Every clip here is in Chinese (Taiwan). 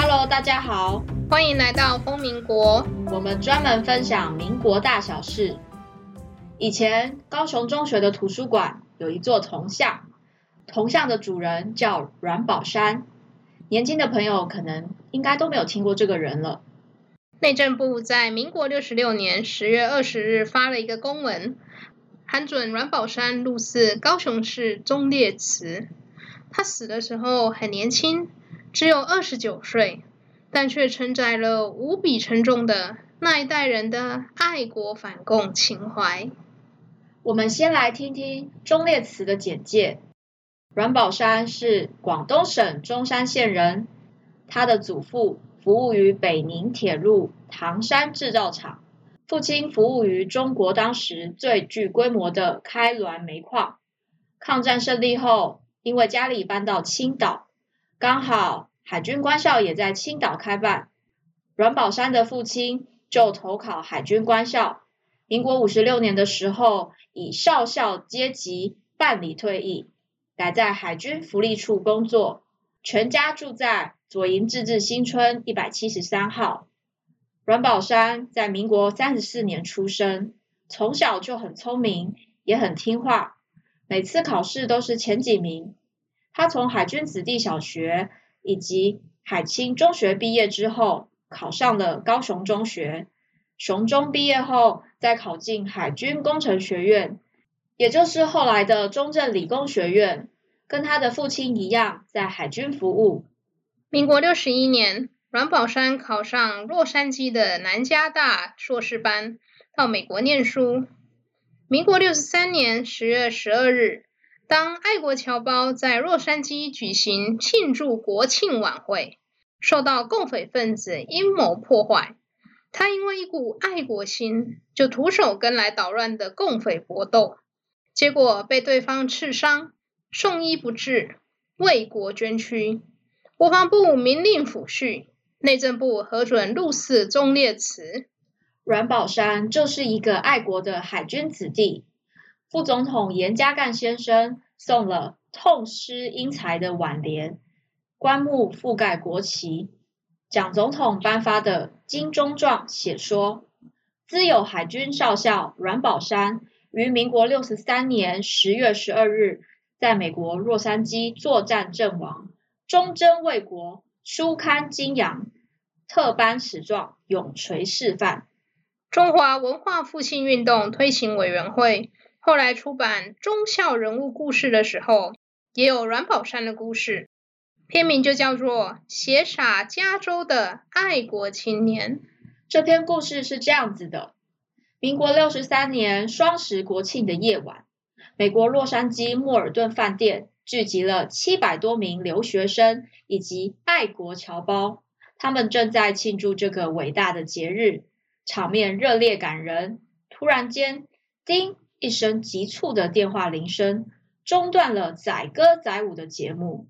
Hello，大家好，歡迎來到瘋民國。我們專門分享民國大小事。以前高雄中學的圖書館有一座銅像，銅像的主人叫阮寶珊。年輕的朋友可能應該都沒有聽過這個人了。內政部在民國六十六年十月二十日發了一個公文，函准阮寶珊入祀高雄市忠烈祠。他死的時候很年輕。只有二十九歲，但卻承載了無比沉重的那一代人的愛國反共情懷。我們先來聽聽忠烈祠的簡介。阮寶珊是廣東省中山縣人，他的祖父服務於北寧鐵路、唐山制造廠，父親服務於中國當時最具規模的開灤煤礦。抗戰勝利後，因為家裡搬到青島。剛好海軍官校也在青島開辦，阮寶珊的父親就投考海軍官校。民國五十六年的時候，以少校階級辦理退役，改在海軍福利處工作。全家住在左營自治新村一百七十三號。阮寶珊在民國三十四年出生，從小就很聰明，也很聽話，每次考試都是前幾名。他從海軍子弟小學以及海青中學畢業之後，考上了高雄中學，雄中畢業後，再考進海軍工程學院，也就是後來的中正理工學院，跟他的父親一樣在海軍服務。民國六十一年，阮寶珊考上洛杉磯的南加大碩士班，到美國念書。民國六十三年十月十二日。當愛國僑胞在洛杉磯舉行慶祝國慶晚會，受到共匪分子陰謀破壞，他因為一股愛國心，就徒手跟來搗亂的共匪搏鬥，結果被對方刺傷，送醫不治，為國捐軀。國防部明令撫恤，內政部核准入祀忠烈祠。阮寶珊就是一個愛國的海軍子弟。副總統嚴家淦先生送了痛失英才的輓聯，棺木覆蓋國旗。蔣總統頒發的金鐘狀寫說：“茲有海軍少校阮寶珊，於民國六十三年十月十二日，在美國洛杉磯作戰陣亡，忠貞為國，書刊敬仰，特頒此狀，永垂示範。”中華文化復興運動推行委員會。後來出版《忠孝人物故事》的時候，也有阮寶珊的故事，篇名就叫做《血灑加州的愛國青年》。這篇故事是這樣子的：民國六十三年雙十國慶的夜晚，美國洛杉磯莫爾頓飯店聚集了七百多名留學生以及愛國僑胞，他們正在慶祝這個偉大的節日，場面熱烈感人。突然間，叮。一聲急促的電話鈴聲中斷了載歌載舞的節目。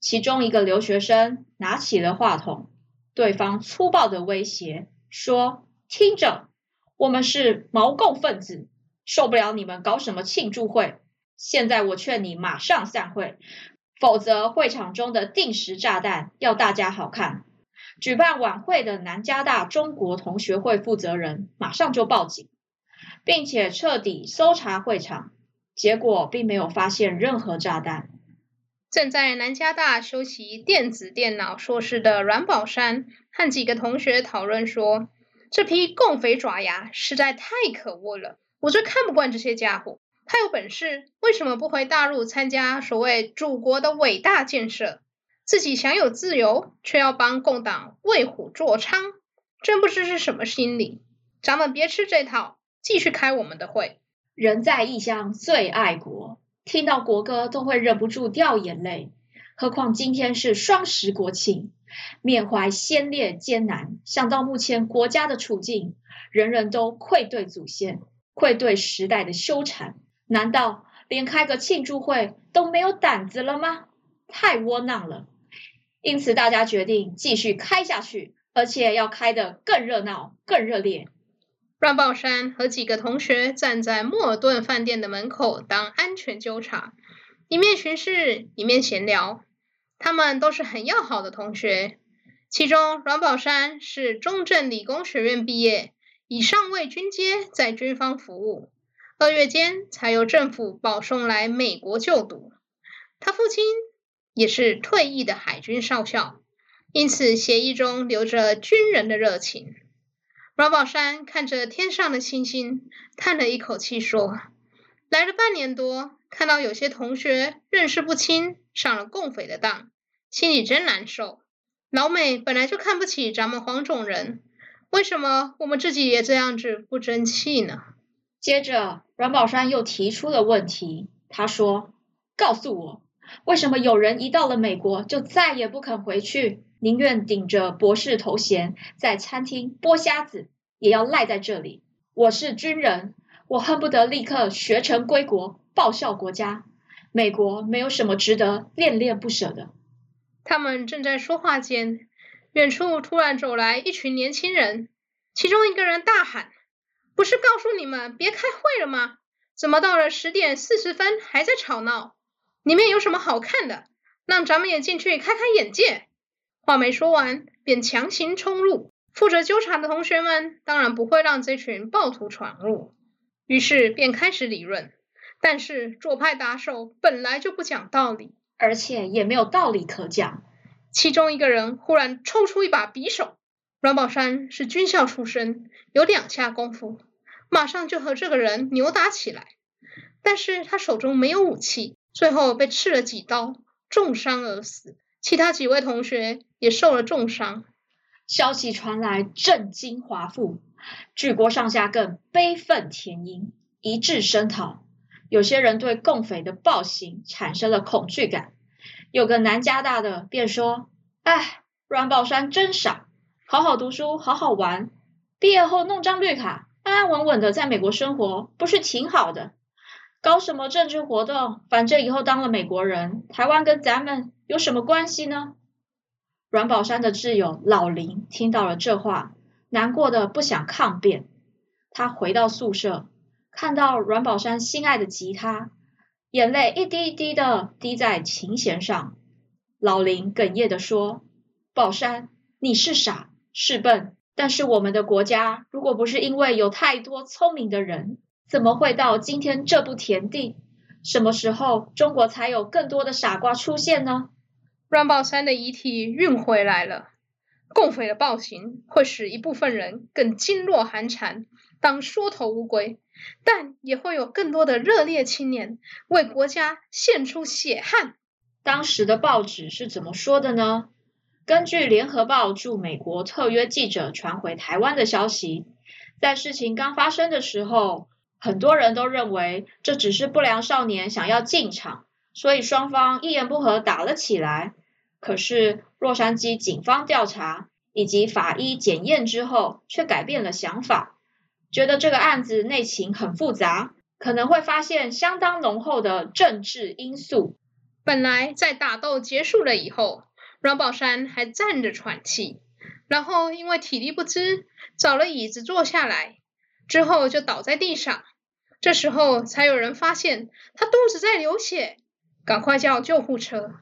其中一個留學生拿起了話筒，對方粗暴的威脅說：“聽着，我們是毛共分子，受不了你們搞什麼慶祝會。現在我勸你馬上散會，否則會場中的定時炸彈要大家好看。”舉辦晚會的南加大中國同學會負責人馬上就報警。並且徹底搜查會場，結果並沒有發現任何炸彈。正在南加大修習電子電腦碩士的阮寶珊和幾個同學討論說：“這批共匪爪牙實在太可惡了，我最看不慣這些傢伙。他有本事為什麼不回大陸參加所謂祖國的偉大建設？自己享有自由，卻要幫共黨為虎作倀，真不知是什麼心理。咱們別吃這套。”繼續開我們的會。人在異鄉最愛國，聽到國歌都會忍不住掉眼淚，何況今天是雙十國慶，緬懷先烈艱難，想到目前國家的處境，人人都愧對祖先，愧對時代的羞慚。難道連開個慶祝會都沒有膽子了嗎？太窩囊了。因此，大家決定繼續開下去，而且要開得更熱鬧、更熱烈。阮寶珊和幾個同學站在莫爾頓飯店的門口當安全糾察，一面巡視，一面閒聊。他們都是很要好的同學，其中阮寶珊是中正理工學院畢業，以上尉軍階在軍方服務，二月間才由政府保送來美國就讀。他父親也是退役的海軍少校，因此協議中流着軍人的熱情。阮寶珊看着天上的星星，嘆了一口氣，說：“來了半年多，看到有些同學認識不清，上了共匪的當，心裡真難受。老美本來就看不起咱們黃種人，為什麼我們自己也這樣子不爭氣呢？”接着，阮寶珊又提出了問題，他說：“告訴我，為什麼有人一到了美國，就再也不肯回去？”寧願頂着博士頭銜在餐廳剝蝦子，也要賴在這裡。我是軍人，我恨不得立刻學成歸國，報效國家。美國沒有什麼值得戀戀不捨的。他們正在說話間，遠處突然走來一群年輕人，其中一個人大喊：“不是告訴你們別開會了嗎？怎麼到了十點四十分還在吵鬧？裡面有什麼好看的？讓咱們也進去開開眼界。”話沒說完，便強行衝入。負責糾察的同學們當然不會讓這群暴徒闖入，於是便開始理論。但是左派打手本來就不講道理，而且也沒有道理可講。其中一個人忽然抽出一把匕首。阮寶珊是軍校出身，有兩下功夫，馬上就和這個人扭打起來。但是他手中沒有武器，最後被刺了幾刀，重傷而死。其他幾位同學也受了重傷，消息傳來，震驚華府，舉國上下更悲憤填膺，一致聲討。有些人對共匪的暴行產生了恐懼感。有個南加大的便說：“哎，阮寶珊真傻，好好讀書，好好玩，畢業後弄張綠卡，安安穩穩的在美國生活，不是挺好的？”搞什麼政治活動？反正以後當了美國人，台灣跟咱們有什麼關係呢？阮寶珊的摯友老林聽到了這話，難過的不想抗辯。他回到宿舍，看到阮寶珊心愛的吉他，眼淚一滴一滴的滴在琴絃上。老林哽咽地說：“寶珊，你是傻是笨，但是我們的國家，如果不是因為有太多聰明的人。”怎麼會到今天這步田地？什麼時候中國才有更多的傻瓜出現呢？阮寶珊的遺體運回來了。共匪的暴行會使一部分人更噤若寒蟬，當縮頭烏龜，但也會有更多的熱烈青年為國家獻出血汗。當時的報紙是怎麼說的呢？根據聯合報駐美國特約記者傳回台灣的消息，在事情剛發生的時候。很多人都認為這只是不良少年想要進場，所以雙方一言不合打了起來。可是洛杉磯警方調查以及法醫檢驗之後，卻改變了想法，覺得這個案子內情很複雜，可能會發現相當濃厚的政治因素。本來在打鬥結束了以後，阮寶珊還站着喘氣，然後因為體力不支，找了椅子坐下來。之後就倒在地上，這時候才有人發現他肚子在流血，趕快叫救護車。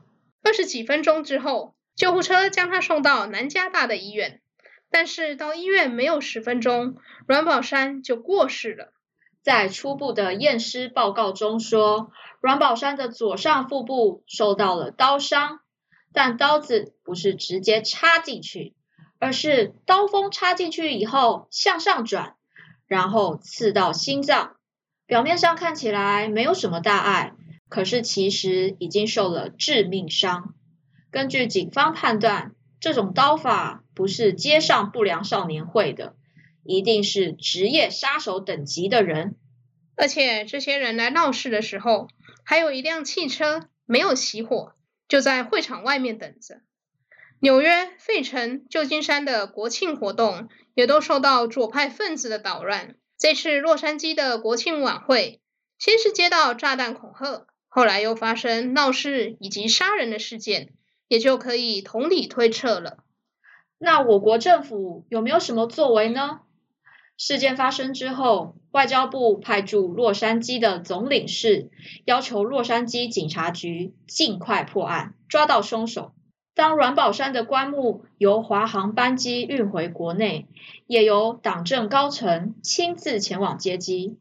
二十幾分鐘之後，救護車將他送到南加大的醫院，但是到醫院沒有十分鐘，阮寶珊就過世了。在初步的驗屍報告中說，阮寶珊的左上腹部受到了刀傷，但刀子不是直接插進去，而是刀鋒插進去以後向上轉。然後刺到心臟，表面上看起來沒有什麼大礙，可是其實已經受了致命傷。根據警方判斷，這種刀法不是街上不良少年會的，一定是職業殺手等級的人。而且這些人來鬧事的時候，還有一輛汽車沒有熄火，就在會場外面等着。紐約、費城、舊金山的國慶活動，也都受到左派分子的搗亂。這次洛杉磯的國慶晚會，先是接到炸彈恐嚇，後來又發生鬧事以及殺人的事件，也就可以同理推測了。那我國政府有沒有什麼作為呢？事件發生之後，外交部派駐洛杉磯的總領事要求洛杉磯警察局盡快破案，抓到凶手。當阮寶珊的棺木由華航班機運回國內，也由黨政高層親自前往接機。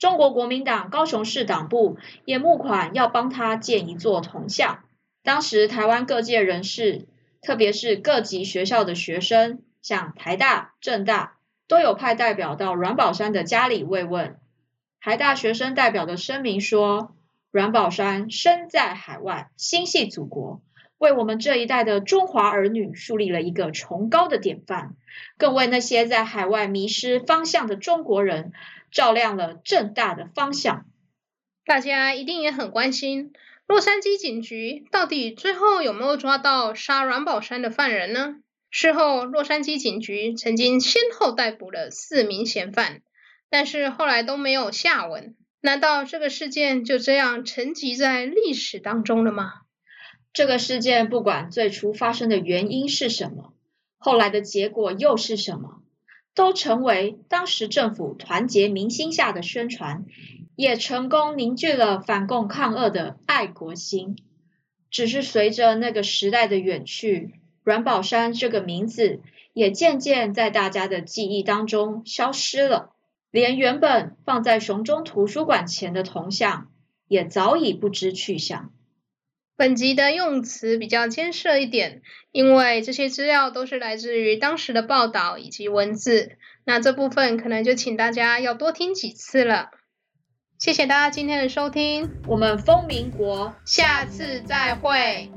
中國國民黨高雄市黨部也募款要幫他建一座銅像。當時台灣各界人士，特別是各級學校的學生，像台大、政大，都有派代表到阮寶珊的家裡慰問。台大學生代表的聲明說：“阮寶珊身在海外，心繫祖國。”為我們這一代的中華兒女樹立了一個崇高的典範，更為那些在海外迷失方向的中國人照亮了正大的方向。大家一定也很關心，洛杉磯警局到底最後有沒有抓到殺阮寶珊的犯人呢？事後，洛杉磯警局曾經先後逮捕了四名嫌犯，但是後來都沒有下文，難道這個事件就這樣沉寂在歷史當中了嗎？這個事件，不管最初發生的原因是什麼，後來的結果又是什麼，都成為當時政府團結民心下的宣傳，也成功凝聚了反共抗俄的愛國心。只是隨着那個時代的遠去，阮寶珊這個名字也漸漸在大家的記憶當中消失了，連原本放在雄中圖書館前的銅像也早已不知去向。本集的用詞比較艱澀一點，因為這些資料都是來自於當時的報道以及文字，那這部分可能就請大家要多聽幾次了。謝謝大家今天的收聽，我們瘋民國下次再會。